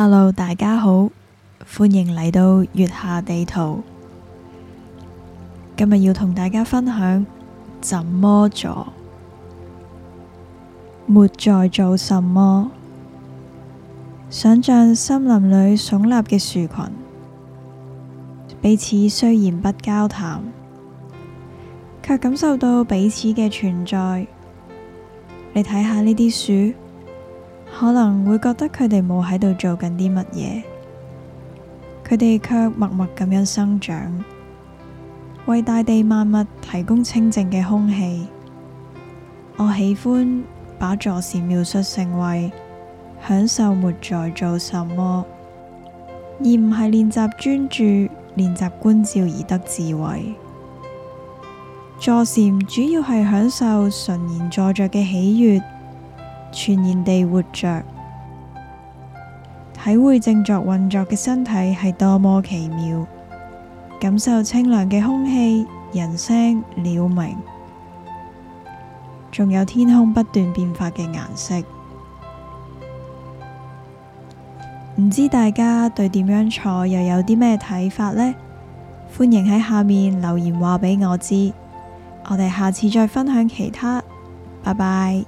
Hello，大家好，歡迎嚟到月下地圖。今日要同大家分享，怎麼坐？沒在做什麼。想象森林裏聳立嘅樹群，彼此雖然不交談，卻感受到彼此嘅存在。你睇下呢啲樹。可能會覺得佢哋冇喺度做緊啲乜嘢，佢哋卻默默咁樣生長，為大地萬物提供清淨嘅空氣。我喜歡把坐禪描述成為享受，沒在做什麼，而唔係練習專注、練習觀照而得智慧。坐禪主要係享受純然坐着嘅喜悅。全然地活着，體會正在運作嘅身體係多麼奇妙，感受清涼嘅空氣、人聲了、鳥鳴，仲有天空不斷變化嘅顏色。唔知大家對點樣坐又有啲咩睇法呢？歡迎喺下面留言話畀我知，我哋下次再分享其他。拜拜。